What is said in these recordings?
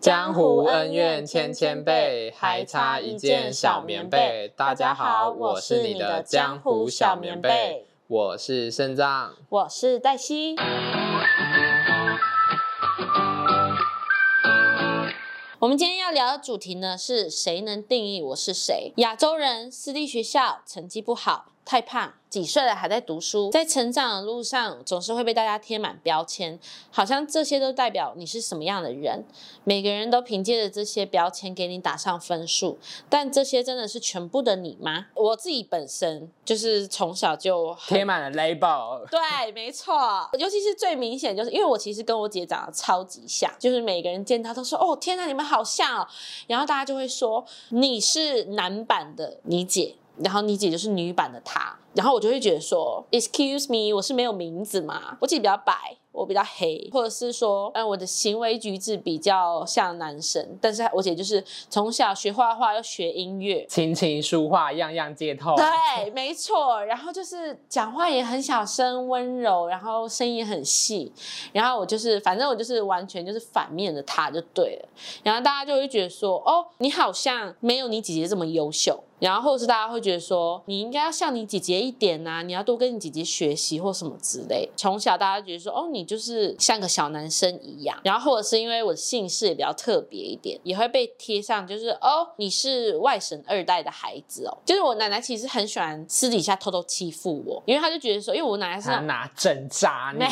江湖恩怨千千倍，還差一件小棉被。大家好，我是你的江湖小棉被。我是腎臟，我是黛西。我們今天要聊的主題呢，是誰能定義我是誰？亞洲人、私立學校、成績不好、太胖。幾歲了還在讀書，在成長的路上總是會被大家貼滿標籤，好像這些都代表你是什麼樣的人。每個人都憑借着這些標籤給你打上分數，但這些真的是全部的你嗎？我自己本身就是從小就貼滿了 label，對，沒錯。尤其是最明顯，就是因為我其實跟我姐長得超級像，就是每個人見她都說：“哦，天哪，你們好像哦。”然後大家就會說：“你是男版的你姐。”然後你姐就是女版的她，然後我就會覺得說，Excuse me，我是沒有名字嘛？我姐比較白，我比較黑，或者是說，哎、呃，我的行為舉止比較像男生，但是我姐就是從小學畫畫又學音樂，琴棋書畫樣樣皆通。對，沒錯。然後就是講話也很小聲溫柔，然後聲音也很細。然後我就是，反正我就是完全就是反面的她就對了。然後大家就會覺得說，哦，你好像沒有你姐姐這麼優秀。然後或是大家會覺得說，你應該要像你姐姐一點吶、啊，你要多跟你姐姐學習或什麼之類。從小大家覺得說，哦，你就是像個小男生一樣。然後或者是因為我的姓氏也比較特別一點，也會被貼上就是哦，你是外省二代的孩子哦。就是我奶奶其實很喜歡私底下偷偷欺負我，因為他就覺得說，因為我奶奶是拿針扎你。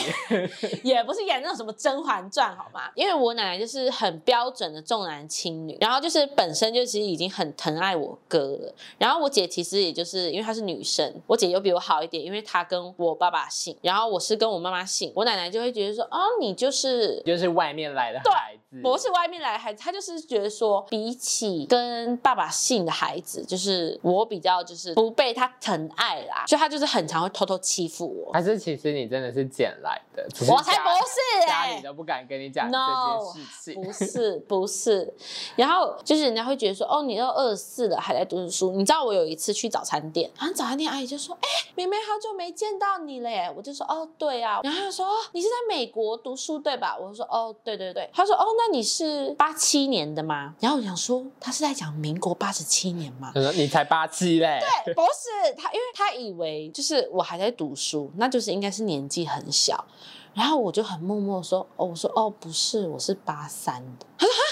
你 也不是演那種什麼甄嬛傳好嗎？因為我奶奶就是很標準的重男輕女，然後就是本身就其實已經很疼愛我哥了。然後我姐其實也就是因為她是女生，我姐又比我好一點，因為她跟我爸爸姓，然後我是跟我媽媽姓，我奶奶就會覺得說啊、哦，你就是你就是外面來的孩子，不是外面來的孩子，她就是覺得說，比起跟爸爸姓的孩子，就是我比較就是不被他疼愛啦，所以她就是很常會偷偷欺負我，還是其實你真的是撿來的？我才不是、欸，家裡都不敢跟你講 No, 這件事情，不是不是。不是 然後就是人家會覺得說，哦，你都二十四了，還在讀書。你知道我有一次去早餐店，然後早餐店阿姨就說：“哎、欸，妹妹好久沒見到你了耶！”我就說：“哦，對啊。”然後她說：“哦，你是在美國讀書對吧？”我說：“哦，對對對。”她說：“哦，那你是八七年的嗎？”然後我想說，他是在講民國八十七年嗎？她說：“你才八七嘞。”對，不是他，因為他以為就是我還在讀書，那就是應該是年紀很小。然後我就很默默說：“哦，我說哦，不是，我是八三的。”她說：“哈？”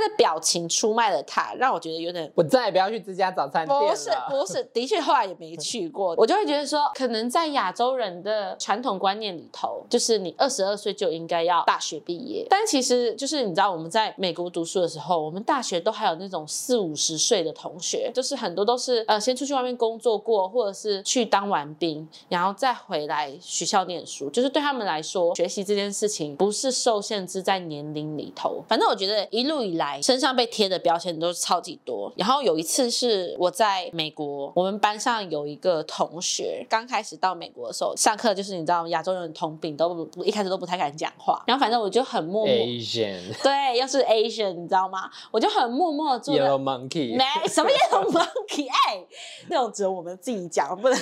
他的表情出賣了他，讓我覺得有點……我再也不要去這家早餐店了。不是，不是，的確後來也沒去過。 我就會覺得說，可能在亞洲人的傳統觀念裡頭，就是你二十二歲就應該要大學畢業。但其實就是你知道，我們在美國讀書的時候，我們大學都還有那種四五十歲的同學，就是很多都是呃先出去外面工作過，或者是去當完兵，然後再回來學校念書。就是對他們來說，學習這件事情不是受限制在年齡裡頭。反正我覺得一路以來。身上被貼的標籤都是超級多。然後有一次是我在美國，我們班上有一個同學剛開始到美國的時候，上課就是你知道亞洲人通病，都不，一開始都不太敢講話。然後反正我就很默默，Asian. 對，又是 Asian，你知道嗎？我就很默默做。Yellow Monkey，沒什麼 Yellow Monkey，哎、欸， 那種只有我們自己講，不能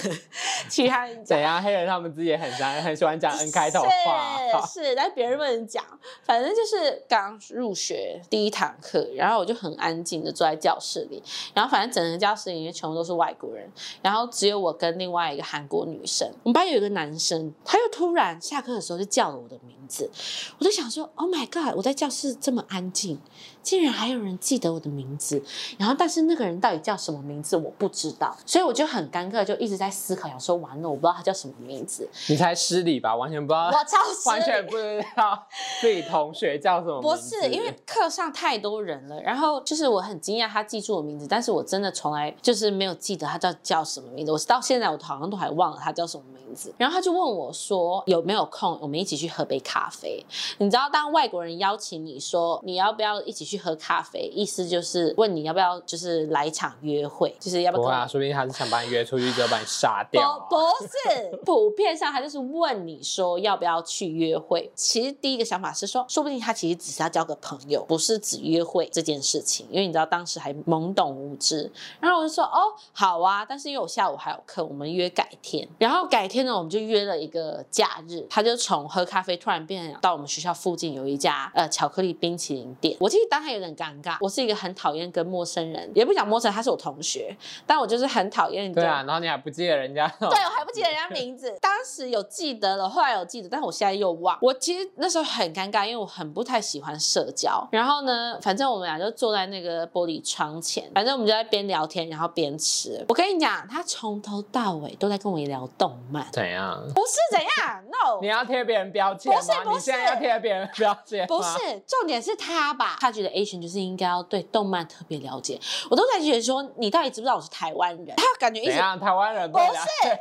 其他人講。怎樣？黑人他們自己也很喜歡，很喜歡講 N 開頭話。是，是，但別人不能講。反正就是剛入學第一堂。課，然後我就很安靜的坐在教室裡，然後反正整個教室裡面全部都是外國人，然後只有我跟另外一個韓國女生。我們班有一個男生，他又突然下課的時候就叫了我的名字，我就想說，Oh my god！我在教室這麼安靜，竟然還有人記得我的名字。然後，但是那個人到底叫什麼名字我不知道，所以我就很尷尬，就一直在思考，想說完了，我不知道他叫什麼名字。你才失禮吧，完全不知道，我操，完全不知道自己同學叫什麼名字。 不是因為課上太。太多人了，然後就是我很驚訝他記住我名字，但是我真的從來就是沒有記得他叫叫什麼名字，我是到現在我好像都還忘了他叫什麼名字。然後他就問我說有沒有空，我們一起去喝杯咖啡。你知道，當外國人邀請你說你要不要一起去喝咖啡，意思就是問你要不要就是來一場約會，就是要不要不，啊？說不定他是想把你約出去，就 要把你殺掉，啊不。不，不是， 普遍上他就是問你說要不要去約會。其實第一個想法是說，說不定他其實只是要交個朋友，不是只。約會這件事情，因為你知道當時還懵懂無知，然後我就說哦好啊，但是因為我下午還有課，我們約改天。然後改天呢，我們就約了一個假日，他就從喝咖啡突然變成到我們學校附近有一家呃巧克力冰淇淋店。我記得當時有點尷尬，我是一個很討厭跟陌生人，也不想陌生，他是我同學，但我就是很討厭。對啊，就然後你還不記得人家？對，我還不記得人家名字。 當時有記得了，後來有記得，但是我現在又忘。我其實那時候很尷尬，因為我很不太喜歡社交，然後呢。反正我們倆就坐在那個玻璃窗前，反正我們就在邊聊天，然後邊吃。我跟你講，他從頭到尾都在跟我聊動漫，怎樣？不是怎樣？No！你要貼別人標籤嗎？不是，不是。你要貼別人標籤嗎？不是，重點是他吧？他覺得 Asian 就是應該要對動漫特別了解。我都在覺得說，你到底知不知道我是台灣人？他感覺一直怎樣？台灣人不是，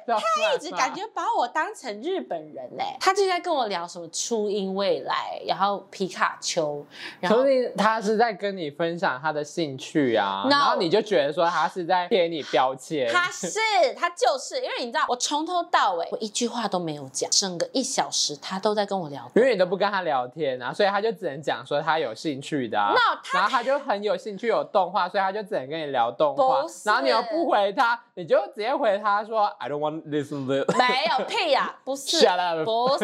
他一直感覺把我當成日本人呢、欸。他就在跟我聊什麼初音未來，然後皮卡丘，然後所以他。是在跟你分享他的興趣啊，然後你就覺得說他是在貼你標籤。他是他就是因為你知道，我從頭到尾我一句話都沒有講，整個一小時他都在跟我聊天，因為你都不跟他聊天啊，所以他就只能講說他有興趣的。那他然後他就很有興趣有動畫，所以他就只能跟你聊動畫。然後你又不回他，你就直接回他說 I don't want to listen to it。沒有屁啊，不是不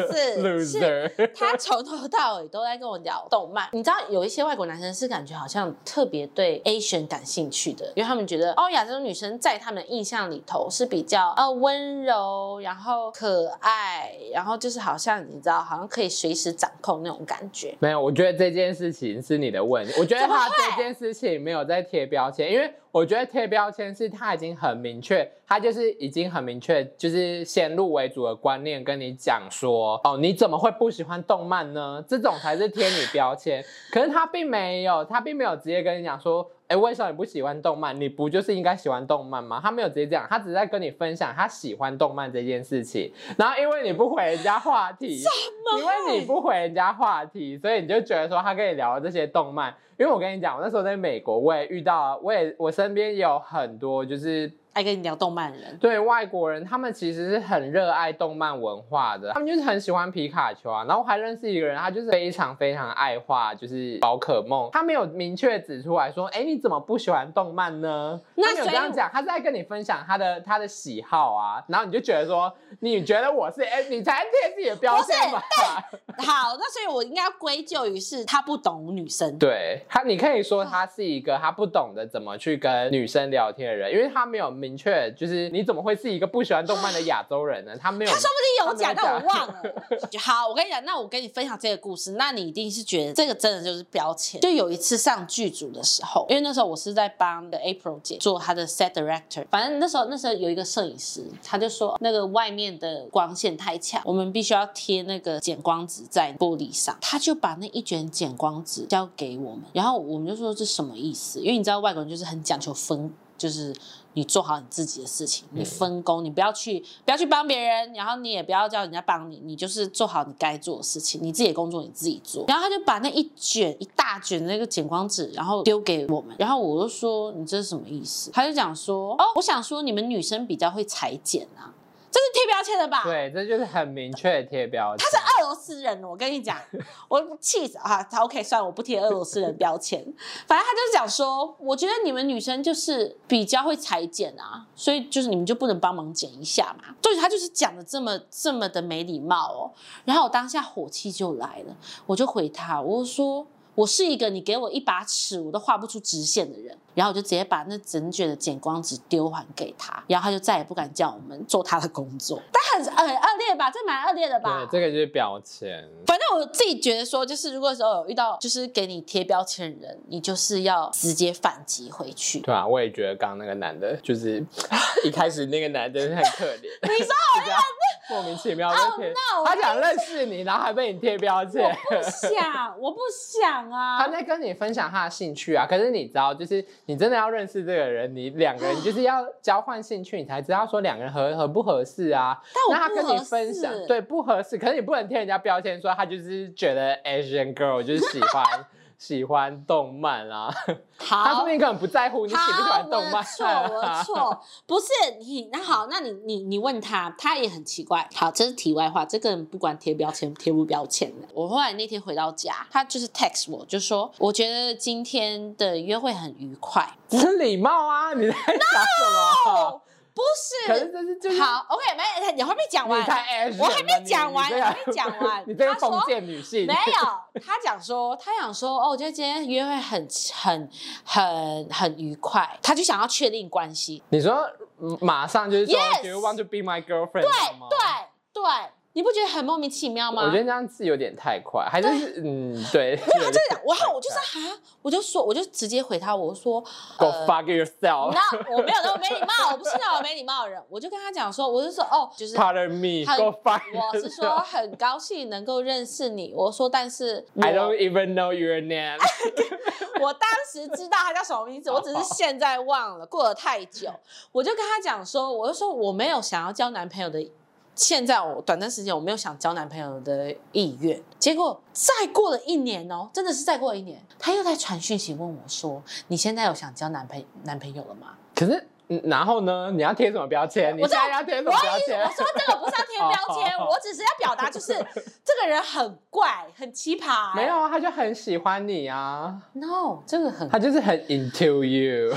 是，是他從頭到尾都在跟我聊動漫。你知道有一些外國男生。是感覺好像特別對 Asian 感興趣的，因為他們覺得哦亞洲這種女生在他們的印象裡頭是比較呃溫柔，然後可愛，然後就是好像你知道，好像可以隨時掌控那種感覺。沒有，我覺得這件事情是你的問題，我覺得他這件事情沒有在貼標籤，因為。我覺得貼標籤是他已經很明確，他就是已經很明確，就是先入為主的觀念跟你講說，哦，你怎麼會不喜歡動漫呢？這種才是貼你標籤，可是他並沒有，他並沒有直接跟你講說。哎、欸，為什麼你不喜歡動漫？你不就是應該喜歡動漫嗎？他沒有直接這樣，他只是在跟你分享他喜歡動漫這件事情。然後因為你不回人家話題，什麼？因為你不回人家話題，所以你就覺得說他跟你聊了這些動漫。因為我跟你講，我那時候在美國，我也遇到了，我也我身邊有很多就是。愛跟你聊動漫的人，對外國人，他們其實是很熱愛動漫文化的，他們就是很喜歡皮卡丘啊。然後還認識一個人，他就是非常非常愛畫，就是寶可夢。他沒有明確指出來說，哎、欸，你怎麼不喜歡動漫呢？他沒有這樣講，他是在跟你分享他的他的喜好啊。然後你就覺得說，你覺得我是哎、 欸，你才貼自己的標籤吧？好，那所以我應該歸咎於是他不懂女生。對他，你可以說他是一個他不懂得怎麼去跟女生聊天的人，因為他沒有。明確就是你怎麼會是一個不喜歡動漫的亞洲人呢？他沒有，他說不定有講，但我忘了。 好，我跟你講，那我跟你分享這個故事，那你一定是覺得這個真的就是標籤。就有一次上劇組的時候，因為那時候我是在幫 the April 姐做她的 Set Director，反正那時候那時候有一個攝影師，他就說那個外面的光線太強，我們必須要貼那個減光紙在玻璃上。他就把那一卷減光紙交給我們，然後我們就說，這什麼意思？因為你知道外國人就是很講求分，就是你做好你自己的事情，你分工，你不要去不要去幫別人，然後你也不要叫人家幫你，你就是做好你該做的事情，你自己的工作你自己做。然後他就把那一卷一大卷那個剪光紙，然後丟給我們，然後我就說，你這是什麼意思？他就講說哦，我想說你們女生比較會裁剪啊。這是貼標籤的吧？對，這就是很明確貼標籤，呃、他是俄羅斯人，我跟你講， 啊 okay,，我氣死啊！他 OK，算了，我不貼俄羅斯人標籤。 反正他就是講說，我覺得你們女生就是比較會裁剪啊，所以就是你們就不能幫忙剪一下嘛？對， 他就是講的這麼這麼的沒禮貌哦。然後我當下火氣就來了，我就回他，我說我是一個你給我一把尺我都畫不出直線的人。然後我就直接把那整卷的剪光紙丟還給他，然後他就再也不敢叫我們做他的工作。但很很、哎、惡劣吧？這蠻惡劣的吧？對，這個就是標籤。反正我自己覺得說，就是如果說有遇到就是給你貼標籤的人，你就是要直接反擊回去。對啊，我也覺得剛剛那個男的，就是一開始那個男的很可憐。 你說我、啊、莫名其妙被、oh, 貼，no, 他想認識你， 然後還被你貼標籤，我不想，我不想啊！他在跟你分享他的興趣啊，可是你知道就是。你真的要認識這個人，你兩個人就是要交換興趣，你才知道說兩個人合合不合適啊。但我不合，那他跟你分享，是對，不合適，可是你不能貼人家標籤，說他就是覺得 Asian girl 就是喜歡。 喜歡動漫啦、啊，好他說明根本不在乎你喜不喜歡動漫、啊。我錯，我錯，不是你。那好，那你你你問他，他也很奇怪。好，這是題外話。這個人不管貼標籤貼不標籤的，我後來那天回到家，他就是 text 我，就說我覺得今天的約會很愉快，這是禮貌啊，你在想什麼？No! 不是，是就是、好，OK，沒，你還沒講完，你我還沒講完，還沒講完。你這是 封建女性說？ 沒有，他講說，他想說，哦，我覺得今天約會很、很、很、很愉快，他就想要確定關係。你說，馬上就是說，Yes，Do you want to be my girlfriend？對對對。嗎你不覺得很莫名其妙嗎？我覺得這樣子有點太快，還是嗯，對。沒有，他這樣講，我我就說啊，我就說，我就直接回他，我說，Go fuck yourself。那我沒有那麼沒禮貌，我不是那種沒禮貌的人。我就跟他講說，我是說哦，就是 Pardon me，Go fuck。我是說很高興能夠認識你。我說，但是 I don't even know your name。我當時知道他叫什麼名字，我只是現在忘了，過了太久。我就跟他講說，我就說我沒有想要交男朋友的。現在我短暫時間我沒有想交男朋友的意願，結果再過了一年哦，真的是再過了一年，他又在傳訊息問我說：“你現在有想交男朋男朋友了嗎？”可是。然後呢？你要貼什麼標籤？我再說要貼什麼標籤？我說這個不是要貼標籤， 我只是要表達，就是 這個人很怪，很奇葩。沒有啊，他就很喜歡你啊。No，這個很他就是很 into you。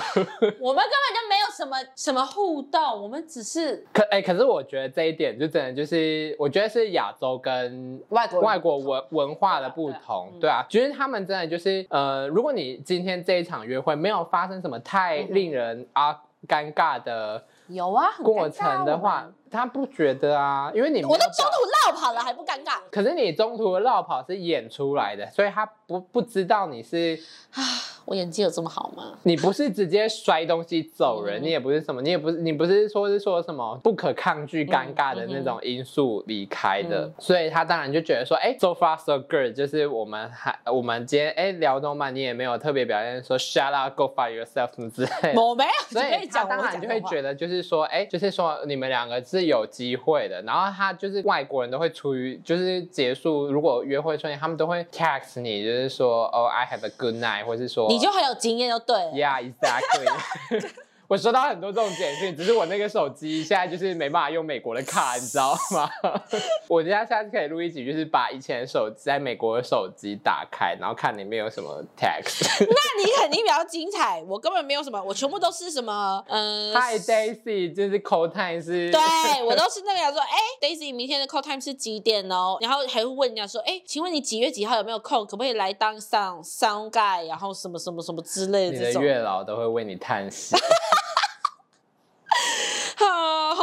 我們根本就沒有什麼什麼互動，我們只是可哎、欸。可是我覺得這一點就真的就是，我覺得是亞洲跟外外國文同文化的不同，對啊。就是、啊嗯啊、他們真的就是呃，如果你今天這一場約會沒有發生什麼太令人啊。嗯嗯尷尬的有啊，過程的話。他不覺得啊，因為你們我都中途落跑了還不尷尬。可是你中途的落跑是演出來的，所以他不不知道你是啊，我演技有這麼好嗎？你不是直接摔東西走人，嗯、你也不是什麼，你也不是你不是說是說什麼不可抗拒尷尬的那種因素離開的，嗯嗯嗯、所以他當然就覺得說，哎、欸、，so far so good，就是我們還我們今天哎、欸、聊動漫，你也沒有特別表現說 shut up go find yourself 什麼之類的。我沒有，所以他當然就會覺得就是說，哎、欸，就是說你們兩個是。有機會的，然後他就是外國人都會出於就是結束如果約會出現，他們都會 text 你，就是說哦，oh，I have a good night，或是說你就很有經驗，就對了。Yeah, exactly. 我收到很多這種簡訊，只是我那個手機現在就是沒辦法用美國的卡，你知道嗎？ 我今天下次可以錄一集，就是把以前的手機在美國的手機打開，然後看裡面有什麼 text。 那你肯定比較精彩，我根本沒有什麼，我全部都是什麼嗯 h i Daisy，就是 c o l d time 是。對，我都是那個樣子說，哎、欸、，Daisy，明天的 c o l d time 是幾點哦？然後還會問人家說，哎、欸，請問你幾月幾號有沒有空，可不可以來當上商 u 然後什麼，什麼什麼什麼之類的，你的月老都會為你嘆息。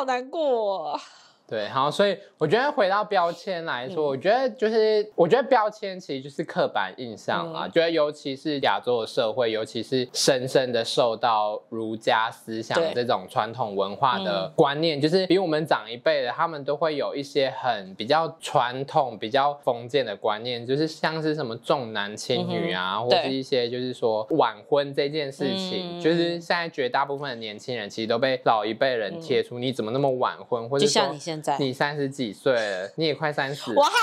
好難過。對，好。所以我覺得回到標籤來說，嗯、我覺得就是我覺得標籤其實就是刻板印象啊，嗯、覺得尤其是亞洲的社會，尤其是深深的受到儒家思想這種傳統文化的觀念，對就是比我們長一輩的，他們都會有一些很比較傳統、比較封建的觀念，就是像是什麼重男輕女啊，嗯、哼或者是一些就是說晚婚這件事情，對就是現在絕大部分的年輕人其實都被老一輩人貼出、嗯、你怎麼那麼晚婚，或者說。 你三十幾歲了，你也快三十了，我還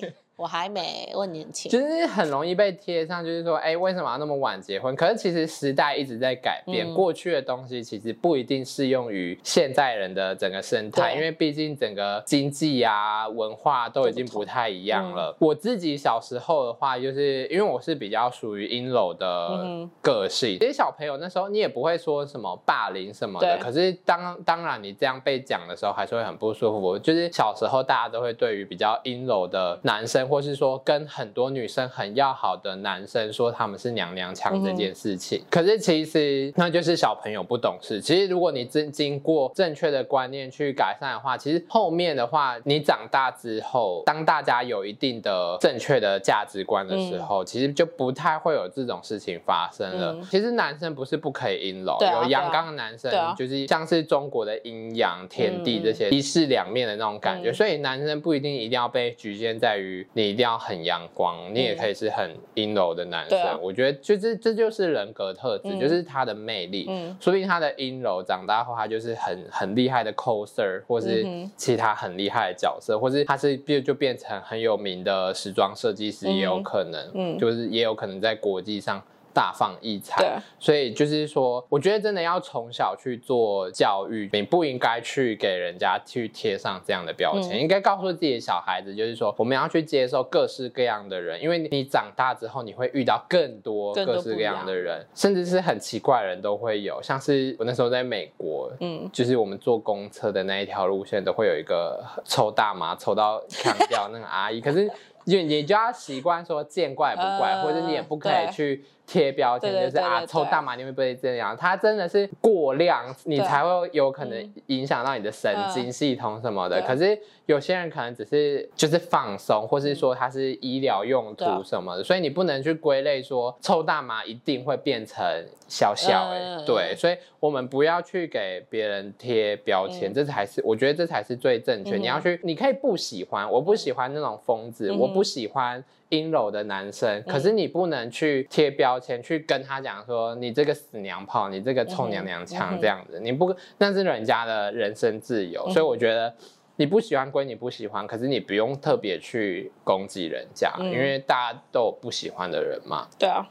沒。 我還沒問，問年輕，就是很容易被貼上，就是說，哎、欸，為什麼要那麼晚結婚？可是其實時代一直在改變，嗯、過去的東西其實不一定適用於現在人的整個生態，對因為畢竟整個經濟啊、文化、啊、都已經不太一樣了。嗯、我自己小時候的話，就是因為我是比較屬於陰柔的個性，其實、嗯、小朋友那時候你也不會說什麼霸凌什麼的，對可是當當然你這樣被講的時候，還是會很不舒服。就是小時候大家都會對於比較陰柔的男生。或是說跟很多女生很要好的男生說他們是娘娘腔這件事情、嗯哼，可是其實那就是小朋友不懂事。其實如果你真經過正確的觀念去改善的話，其實後面的話你長大之後，當大家有一定的正確的價值觀的時候，嗯、其實就不太會有這種事情發生了。嗯、其實男生不是不可以陰柔，啊、有陽剛的男生、啊、就是像是中國的陰陽天地、嗯、這些一體兩面的那種感覺，嗯、所以男生不一定一定要被局限在於。你一定要很陽光，你也可以是很陰柔的男生。嗯、我覺得就這，就是這就是人格特質，嗯、就是他的魅力，嗯、說不定他的陰柔，長大後，他就是很很厲害的 coser，或是其他很厲害的角色，嗯、或是他是變就，就變成很有名的時裝設計師也有可能，嗯、就是也有可能在國際上大放異彩，對所以就是說，我覺得真的要從小去做教育，你不應該去給人家去貼上這樣的標籤。嗯、應該告訴自己的小孩子，就是說，我們要去接受各式各樣的人，因為你長大之後，你會遇到更多各式各樣的人，甚至是很奇怪的人都會有。像是我那時候在美國，嗯，就是我們坐公車的那一條路線，都會有一個抽大麻抽到嗆掉那個阿姨， 可是。就你就要習慣說，見怪不怪，嗯、或者你也不可以去貼標籤，對就是啊，對對對，抽大麻你會不會這樣？它真的是過量，對你才會有可能影響到你的神經系統什麼的。嗯、可是有些人可能只是就是放鬆，嗯、或是說它是醫療用途什麼的，對所以你不能去歸類說抽大麻一定會變成小小誒、欸，對，對，對，對，所以。我們不要去給別人貼標籤，嗯、這才是我覺得這才是最正確。嗯、哼你要去，你可以不喜歡，我不喜歡那種瘋子，嗯、哼我不喜歡陰柔的男生，嗯、可是你不能去貼標籤，去跟他講說你這個死娘炮，你這個臭娘娘腔這樣子，嗯嗯、你不那是人家的人身自由，嗯、哼所以我覺得你不喜歡歸你不喜歡，可是你不用特別去攻擊人家，嗯、因為大家都有不喜歡的人嘛。嗯、對啊。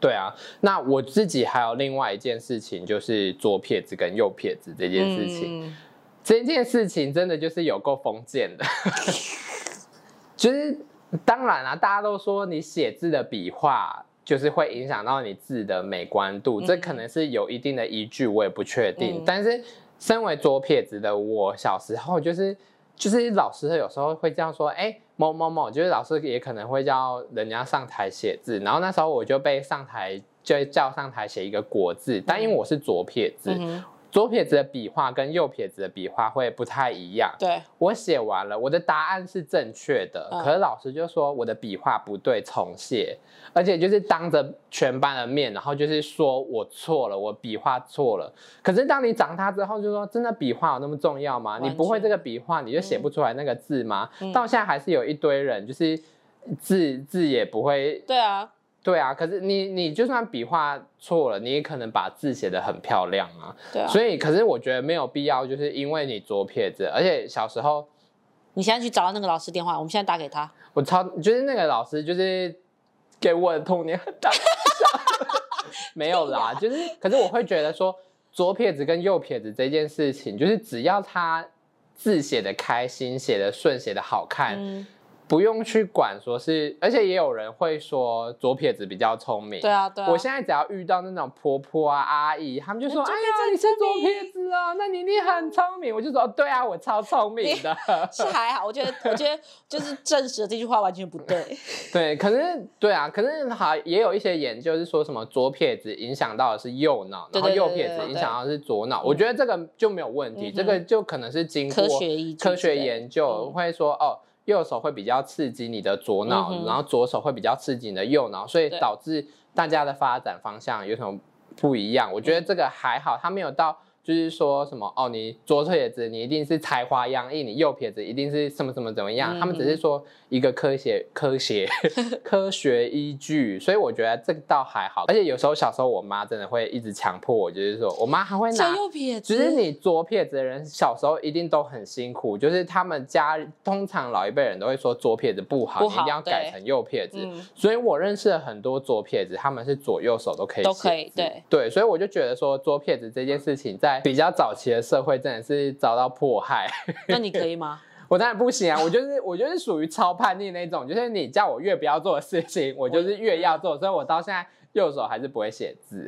對啊，那我自己還有另外一件事情，就是左撇子跟右撇子這件事情，嗯、這件事情真的就是有夠封建的， 就是當然啊，大家都說你寫字的筆畫就是會影響到你字的美觀度，嗯、這可能是有一定的依據，我也不確定。嗯、但是身為左撇子的我，小時候就是。就是老師有時候會這樣說，哎、欸，某某某，就是老師也可能會叫人家上台寫字，然後那時候我就被上台，就叫上台寫一個“國”字，嗯、但因為我是左撇子。嗯左撇子的筆畫跟右撇子的筆畫會不太一樣。對，我寫完了，我的答案是正確的，嗯、可是老師就說我的筆畫不對，重寫。而且就是當着全班的面，然後就是說我錯了，我筆畫錯了。可是當你長大之後，就說真的筆畫有那麼重要嗎？完全。你不會這個筆畫，你就寫不出來那個字嗎？嗯、到現在還是有一堆人就是字字也不會。對啊。對啊，可是你你就算筆畫錯了，你也可能把字寫得很漂亮啊。對啊。所以，可是我覺得沒有必要，就是因為你左撇子，而且小時候，你現在去找到那個老師電話，我們現在打給他。我超就是那個老師，就是給我的童年很大。 沒有啦，了就是，可是我會覺得說左撇子跟右撇子這件事情，就是只要他字寫得開心、寫得順、寫得好看。嗯不用去管，說是，而且也有人會說左撇子比較聰明。對啊，對啊，對啊。我現在只要遇到那種婆婆啊、阿姨，他們就說：“嗯、就哎呀，你是左撇子啊，那你你很聰明。”我就說：“對啊，我超聰明的。”是還好，我覺得， 我覺得就是證實的這句話完全不對。對，可是對啊，可是還也有一些研究是說什麼左撇子影響到的是右腦， 然後右撇子影響到的是左腦。我覺得這個就沒有問題，嗯、哼這個就可能是經過科學研究會說、嗯、哦。右手會比較刺激你的左腦，嗯、哼然後左手會比較刺激你的右腦，所以導致大家的發展方向有什麼不一樣？對我覺得這個還好，他沒有到。就是說什麼哦，你左撇子，你一定是才華洋溢，你右撇子一定是什麼什麼怎麼樣？嗯、他們只是說一個科學、科學、 科學依據。所以我覺得這個倒還好。而且有時候小時候我媽真的會一直強迫我，就是說我媽還會拿右撇子，就是你左撇子的人小時候一定都很辛苦。就是他們家通常老一輩人都會說左撇子不好，不好，你一定要改成右撇子。對所以我認識了很多左撇子，他們是左右手都可以寫都可以字對對。所以我就覺得說左撇子這件事情在。比較早期的社會真的是遭到迫害，那你可以嗎？ 我當然不行啊！我就是我就是屬於超叛逆那種，就是你叫我越不要做的事情，我就是越要做，所以我到現在右手還是不會寫字，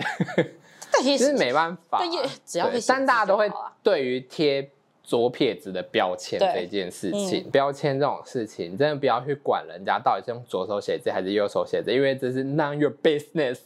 但其實沒辦法，只要三大都會對於貼。左撇子的標籤這件事情，嗯、標籤這種事情真的不要去管人家到底是用左手寫字還是右手寫字，因為這是 none your business。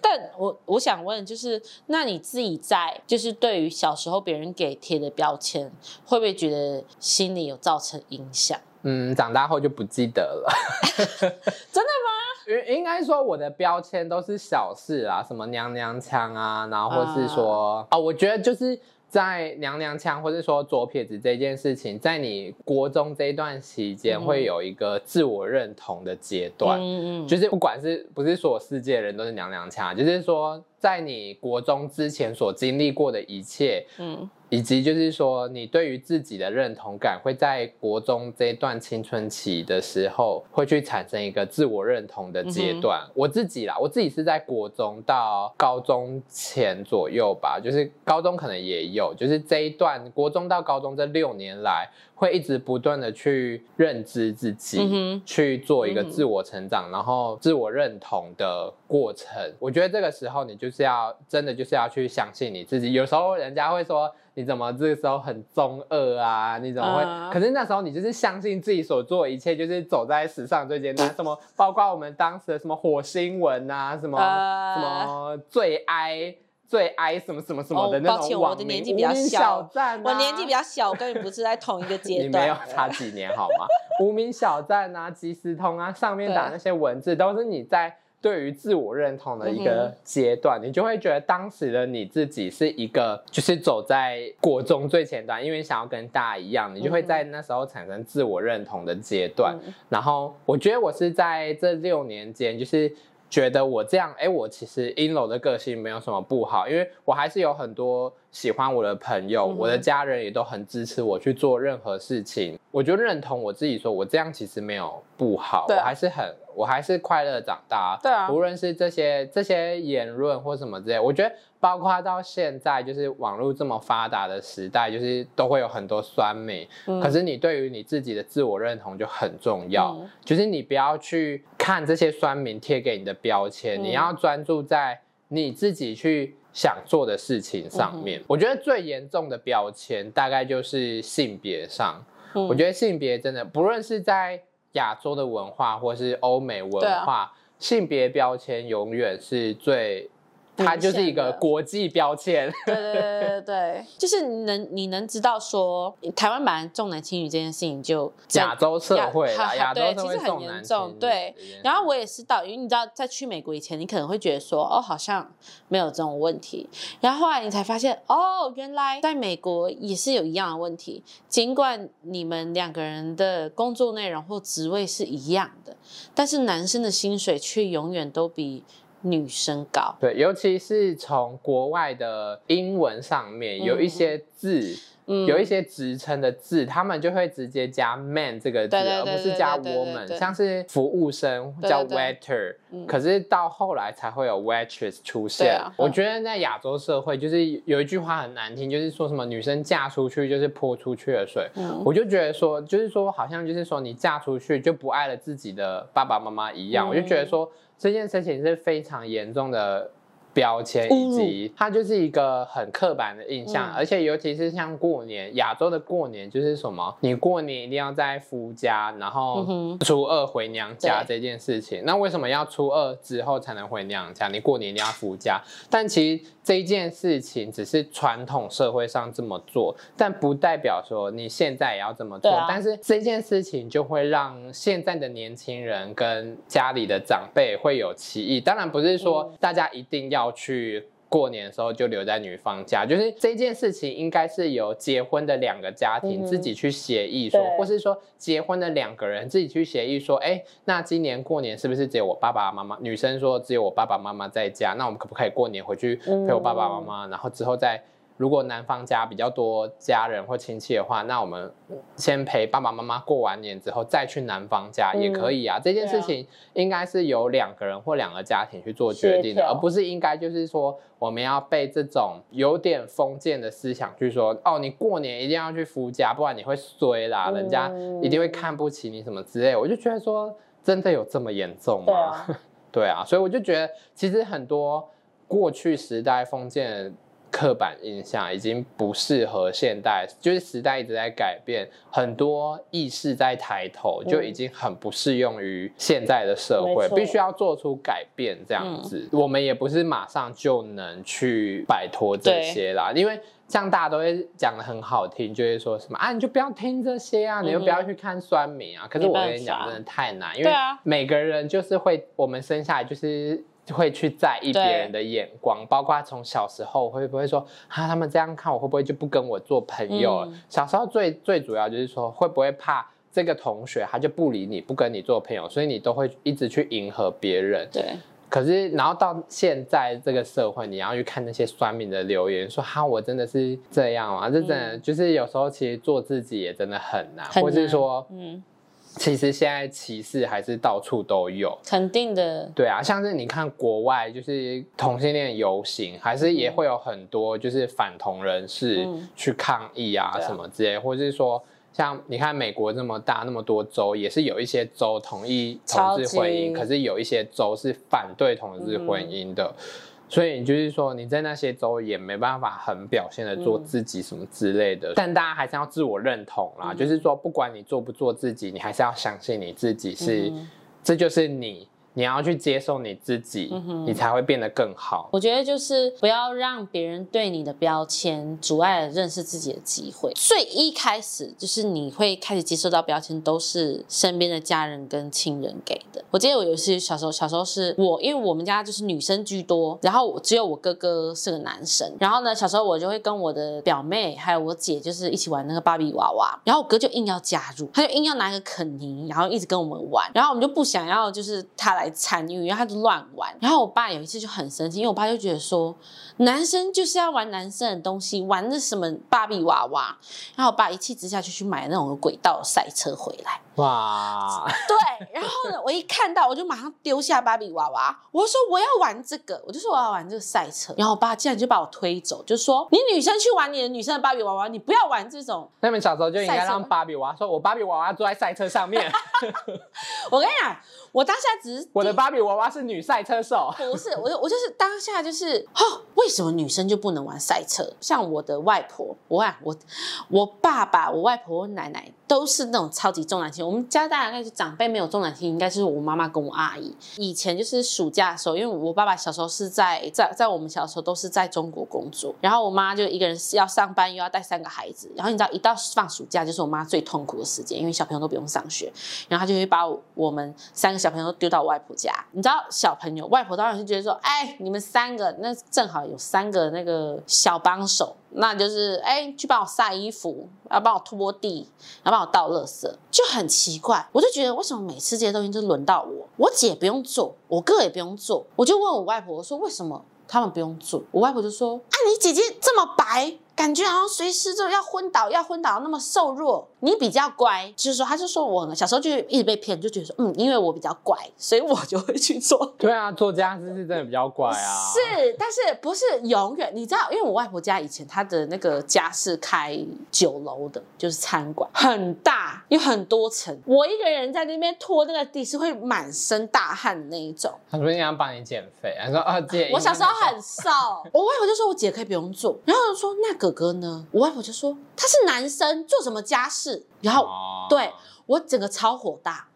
但我我想問，就是那你自己在就是對於小時候別人給貼的標籤，會不會覺得心裡有造成影響？嗯，長大後就不記得了。 真的嗎？應該說我的標籤都是小事啊，什麼娘娘腔啊，然後或是說啊、嗯哦，我覺得就是。在娘娘腔，或是說左撇子這件事情，在你國中這一段期間，會有一個自我認同的階段，嗯，嗯，就是不管是不是所有世界人都是娘娘腔，就是說。在你國中之前所經歷過的一切，嗯，以及就是說你對於自己的認同感，會在國中這段青春期的時候，會去產生一個自我認同的階段。嗯哼，我自己啦，我自己是在國中到高中前左右吧，就是高中可能也有，就是這一段國中到高中這六年來。會一直不斷地去認知自己，嗯、哼去做一個自我成長，嗯、哼然後自我認同的過程。我覺得這個時候你就是要真的就是要去相信你自己。有時候人家會說，你怎麼這個時候很中二啊？你怎麼會？呃、可是那時候你就是相信自己所做的一切，就是走在時尚最前端，什麼包括我們當時的什麼火星文啊，什麼、呃、什麼最愛。最愛什麼什麼什麼的那種網名、oh, 抱歉，我的年紀比較小、小、啊、我年紀比較小，我根本不是在同一個階段。 你沒有差幾年好嗎？ 無名小站啊，即時通啊，上面打那些文字，對都是你在對於自我認同的一個階段，嗯、哼你就會覺得當時的你自己是一個，就是走在國中最前端，因為你想要跟大家一樣，你就會在那時候產生自我認同的階段。嗯、然後我覺得我是在這六年間，就是。覺得我這樣，哎，我其實 i 樓的個性沒有什麼不好，因為我還是有很多喜歡我的朋友，嗯、哼我的家人也都很支持我去做任何事情。我就認同我自己說，說我這樣其實沒有不好，啊、我還是很，我還是快樂的長大。對啊，無論是這些這些言論或什麼之類，我覺得。包括到現在，就是網絡這麼發達的時代，就是都會有很多酸民。嗯、可是你對於你自己的自我認同就很重要，嗯、就是你不要去看這些酸民貼給你的標籤，嗯、你要專注在你自己去想做的事情上面。嗯、哼我覺得最嚴重的標籤大概就是性別上。嗯、我覺得性別真的，不論是在亞洲的文化或是歐美文化，啊、性別標籤永遠是最。它就是一個國際標籤，對對對對，對，對，對 就是你能你能知道說台灣版重男輕女這件事情就亞洲社會哈哈亞洲社會重男輕女其實很嚴重，對。對，然後我也知道，因為你知道在去美國以前，你可能會覺得說哦，好像沒有這種問題。然後後來你才發現哦，原來在美國也是有一樣的問題。儘管你們兩個人的工作內容或職位是一樣的，但是男生的薪水卻永遠都比。女生高，對，尤其是從國外的英文上面有一些字，有一些職稱的字，他們就會直接加 man 這個字，而不是加 woman，像是服務生叫 waiter，可是到後來才會有 waitress 出現。我覺得在亞洲社會，就是有一句話很難聽，就是說什麼女生嫁出去就是潑出去的水，我就覺得說，就是說好像就是說你嫁出去就不愛了自己的爸爸媽媽一樣，我就覺得說。這件事情是非常嚴重的。標籤以及它，就是一個很刻板的印象，嗯、而且尤其是像過年，亞洲的過年就是什麼，你過年一定要在夫家，然後初二回娘家這件事情。對那為什麼要初二之後才能回娘家？你過年一定要夫家，但其實這件事情只是傳統社會上這麼做，但不代表說你現在也要這麼做。啊、但是這件事情就會讓現在的年輕人跟家裡的長輩會有歧義。當然不是說大家一定要。要去過年的時候就留在女方家，就是這件事情應該是由結婚的兩個家庭自己去協議說，嗯、或是說結婚的兩個人自己去協議說，哎，那今年過年是不是只有我爸爸媽媽？女生說只有我爸爸媽媽在家，那我們可不可以過年回去陪我爸爸媽媽？嗯、然後之後再。如果男方家比較多家人或親戚的話，那我們先陪爸爸媽媽過完年之後再去男方家也可以啊。嗯、對啊，這件事情應該是由兩個人或兩個家庭去做決定的，條而不是應該就是說我們要被這種有點封建的思想去說哦，你過年一定要去夫家，不然你會衰啦，嗯、人家一定會看不起你什麼之類。我就覺得說真的有這麼嚴重嗎？對啊， 對啊，所以我就覺得其實很多過去時代封建。刻板印象已經不適合現代，就是時代一直在改變，很多意識在抬頭，就已經很不適用於現在的社會，嗯、必須要做出改變這樣子。嗯、我們也不是馬上就能去擺脫這些啦，對因為像大家都會講的很好聽，就會、是、說什麼啊，你就不要聽這些啊，你就不要去看酸民啊。可是我跟你講，真的太難，因為每個人就是會，我們生下來就是。就會去在意別人的眼光，對包括從小時候會不會說哈，他們這樣看我會不會就不跟我做朋友了？嗯、小時候最最主要就是說會不會怕這個同學他就不理你，不跟你做朋友，所以你都會一直去迎合別人。對。可是然後到現在這個社會，你要去看那些酸民的留言，說哈，我真的是這樣啊，這真的就是有時候其實做自己也真的很難，很難或是說嗯。其實現在歧視還是到處都有，肯定的。對啊，像是你看國外，就是同性戀遊行，還是也會有很多就是反同人士去抗議啊什麼之類，嗯啊、或者是說像你看美國這麼大那麼多州，也是有一些州同意同志婚姻，級可是有一些州是反對同志婚姻的。嗯所以你就是說你在那些州也沒辦法很表現的做自己什麼之類的，嗯、但大家還是要自我認同啦。就是說，不管你做不做自己，你還是要相信你自己是，嗯、這就是你。你要去接受你自己，你才會變得更好。我覺得就是不要讓別人對你的標籤阻礙了認識自己的機會。最一開始就是你會開始接受到標籤，都是身邊的家人跟親人給的。我記得我有一次小時候，小時候是我，因為我們家就是女生居多，然後我只有我哥哥是個男生。然後呢，小時候我就會跟我的表妹還有我姐就是一起玩那個芭比娃娃，然後我哥就硬要加入，他就硬要拿一個肯尼，然後一直跟我們玩，然後我們就不想要，就是他來來參與，然後他就亂玩。然後我爸有一次就很生氣，因為我爸就覺得說，男生就是要玩男生的東西，玩那什麼芭比娃娃？然後我爸一氣之下就去買那種軌道賽車回來。哇！對，然後呢，我一看到我就馬上丟下芭比娃娃，我說我要玩這個，我就說我要玩這個賽車。然後我爸竟然就把我推走，就說你女生去玩你的女生的芭比娃娃，你不要玩這種。那你們小時候就應該讓芭比娃娃，說我芭比娃娃坐在賽車上面。 我跟你講，我當下只是我的芭比娃娃是女賽車手，不是我，我就是當下就是哈。為什麼女生就不能玩賽車？像我的外婆，我啊，我我爸爸，我外婆，我奶奶。都是那種超級重男輕女，我們家大概是長輩沒有重男輕女，應該是我媽媽跟我阿姨。以前就是暑假的時候，因為我爸爸小時候是在在在我們小時候都是在中國工作，然後我媽就一個人是要上班又要帶三個孩子，然後你知道一到放暑假就是我媽最痛苦的時間，因為小朋友都不用上學，然後她就會把我們三個小朋友都丟到外婆家。你知道小朋友外婆當然是覺得說，哎，你們三個那正好有三個那個小幫手。那就是，哎、欸，去幫我曬衣服，要幫我拖地，要幫我倒垃圾，就很奇怪。我就覺得，為什麼每次這些東西都輪到我？我姐不用做，我哥也不用做。我就問我外婆我說，為什麼他們不用做？我外婆就說，啊，你姐姐這麼白。感覺好像隨時就要昏倒，要昏倒，那麼瘦弱。你比較乖，就是說，他就說，我呢，小時候就一直被騙，就覺得說，嗯，因為我比較乖，所以我就會去做。對啊，做家事是真的比較乖啊。是，但是不是永遠？你知道，因為我外婆家以前她的那個家是開酒樓的，就是餐館很大，有很多層。我一個人在那邊拖那個地是會滿身大汗的那一種。他說，說：“你要幫你減肥？”他說：“二姐，我小時候很瘦。” 我外婆就說：“我姐可以不用做。”然後就說：“那個。”哥，哥呢？我外婆就說他是男生，做什麼家事？然後、哦、對，我整個超火大，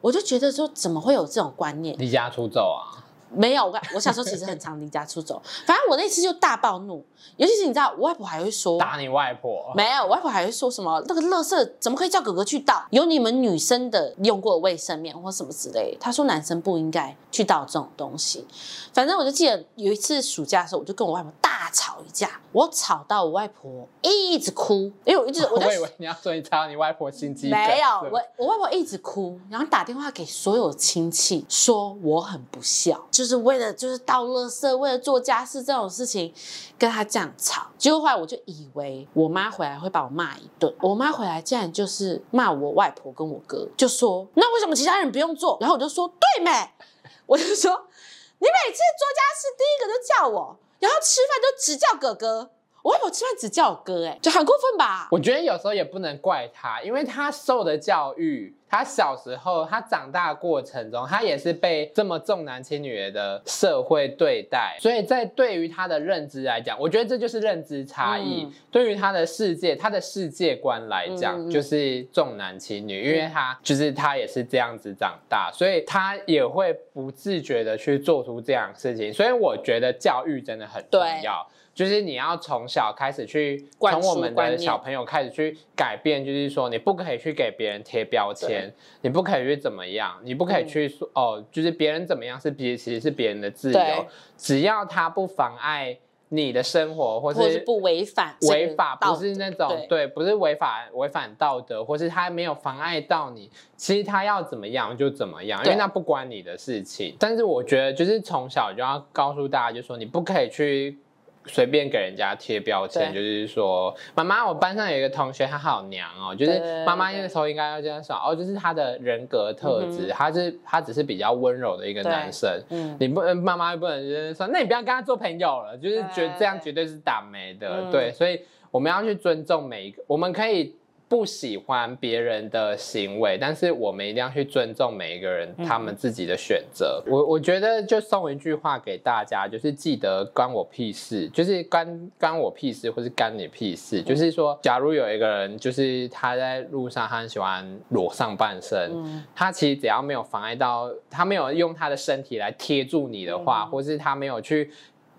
我就覺得說，怎麼會有這種觀念？離家出走啊？沒有，我我小時候其實很常離家出走。 反正我那次就大暴怒，尤其是你知道，我外婆還會說打你外婆。沒有，我外婆還會說什麼？那個垃圾怎麼可以叫哥哥去倒？有你們女生的用過的衛生棉或什麼之類？她說男生不應該去倒這種東西。反正我就記得有一次暑假的時候，我就跟我外婆大吵一架，我吵到我外婆一直哭，因、欸、為我一直，我，我以為你要說你吵到你外婆心肌，沒有，我我外婆一直哭，然後打電話給所有親戚說我很不孝，就是為了就是倒垃圾，為了做家事這種事情跟他這樣吵，結果後來我就以為我媽回來會把我罵一頓，我媽回來竟然就是罵我外婆跟我哥，就說那為什麼其他人不用做？然後我就說對沒？我就說你每次做家事第一個都叫我。然後吃飯都只叫哥哥。我外婆吃飯只叫我哥，哎，就很過分吧？我覺得有時候也不能怪他，因為他受的教育，他小時候，他長大的過程中，他也是被這麼重男輕女的社會對待，所以在對於他的認知來講，我覺得這就是認知差異。嗯嗯、對於他的世界，他的世界觀來講，就是重男輕女，嗯嗯、因為他就是他也是這樣子長大，所以他也會不自覺的去做出這樣事情。所以我覺得教育真的很重要。就是你要從小開始去，從我們的小朋友開始去改變。就是說，你不可以去給別人貼標籤，對你不可以去怎麼樣，你不可以去說哦，就是別人怎麼樣是別其實是別人的自由，對只要他不妨礙你的生活，或是不違反違法，不是那種對,對，不是違法違反道德，或是他沒有妨礙到你，其實他要怎麼樣就怎麼樣，對因為那不關你的事情。但是我覺得，就是從小就要告訴大家，就是說你不可以去。隨便給人家貼標籤，對就是說，媽媽，我班上有一個同學，他好娘，喔就是，媽媽哦，就是媽媽那個時候應該要這樣說哦，就是他的人格特質，他，嗯哼就是他只是比較溫柔的一個男生，嗯，你不能，媽媽不能就是說，那你不要跟他做朋友了，就是覺得對這樣絕對是倒霉的，嗯，對，所以我們要去尊重每一個，我們可以。不喜歡別人的行為，但是我們一定要去尊重每一個人他們自己的選擇。嗯、我我覺得就送一句話給大家，就是記得關我屁事，就是關關我屁事，或是干你屁事。嗯、就是說，假如有一個人，就是他在路上，他很喜歡裸上半身，嗯、他其實只要沒有妨礙到，他沒有用他的身體來貼住你的話，嗯、或是他沒有去。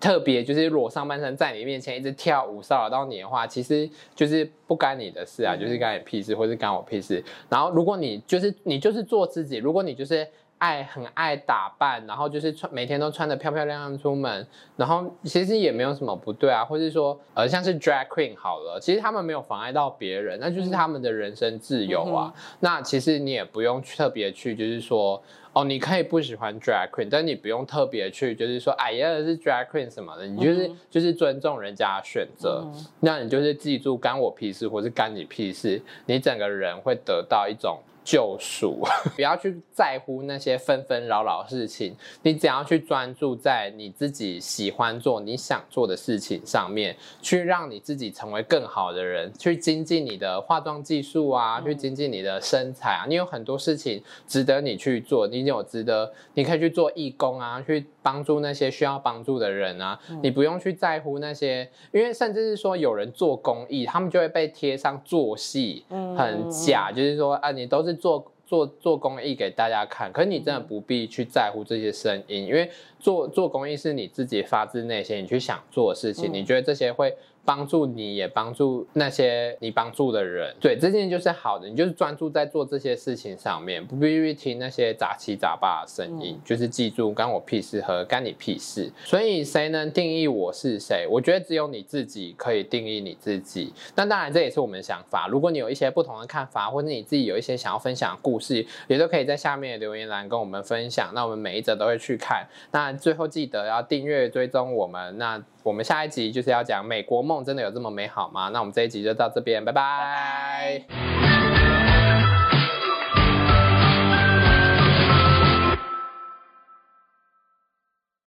特別就是如果裸上半身在你面前一直跳舞騷擾到你的話，其實就是不干你的事啊，就是干你屁事，或是干我屁事。然後如果你就是你就是做自己，如果你就是。愛很愛打扮，然後就是穿每天都穿得漂漂亮亮出門，然後其實也沒有什麼不對啊，或是說呃像是 drag queen 好了，其實他們沒有妨礙到別人，那就是他們的人身自由啊。嗯、那其實你也不用特別去，就是說哦，你可以不喜歡 drag queen，但你不用特別去，就是說哎呀、啊、是 drag queen 什麼的，你就是、嗯、哼就是尊重人家的選擇。嗯、哼那你就是記住干我屁事，或是干你屁事，你整個人會得到一種。救贖，就 不要去在乎那些紛紛擾擾事情，你只要去專注在你自己喜歡做、你想做的事情上面，去讓你自己成為更好的人，去精進你的化妝技術啊，嗯、去精進你的身材啊，你有很多事情值得你去做，你有值得，你可以去做義工啊，去。幫助那些需要幫助的人啊，嗯、你不用去在乎那些，因為甚至是說有人做公益，他們就會被貼上做戲，嗯、很假，嗯、就是說啊，你都是做做做公益給大家看，可是你真的不必去在乎這些聲音，嗯、因為做做公益是你自己發自內心你去想做的事情，嗯、你覺得這些會。幫助你也幫助那些你幫助的人，對，這件事就是好的。你就是專注在做這些事情上面，不必不必聽那些雜七雜八的聲音。就是記住，關我屁事和干你屁事。所以，誰能定義我是誰？我覺得只有你自己可以定義你自己。那當然，這也是我們的想法。如果你有一些不同的看法，或者你自己有一些想要分享的故事，也都可以在下面的留言欄跟我們分享。那我們每一則都會去看。那最後記得要訂閱追蹤我們。那我們下一集就是要講美國夢。夢真的有這麼美好嗎？那我們這一集就到這邊，Okay. 拜拜。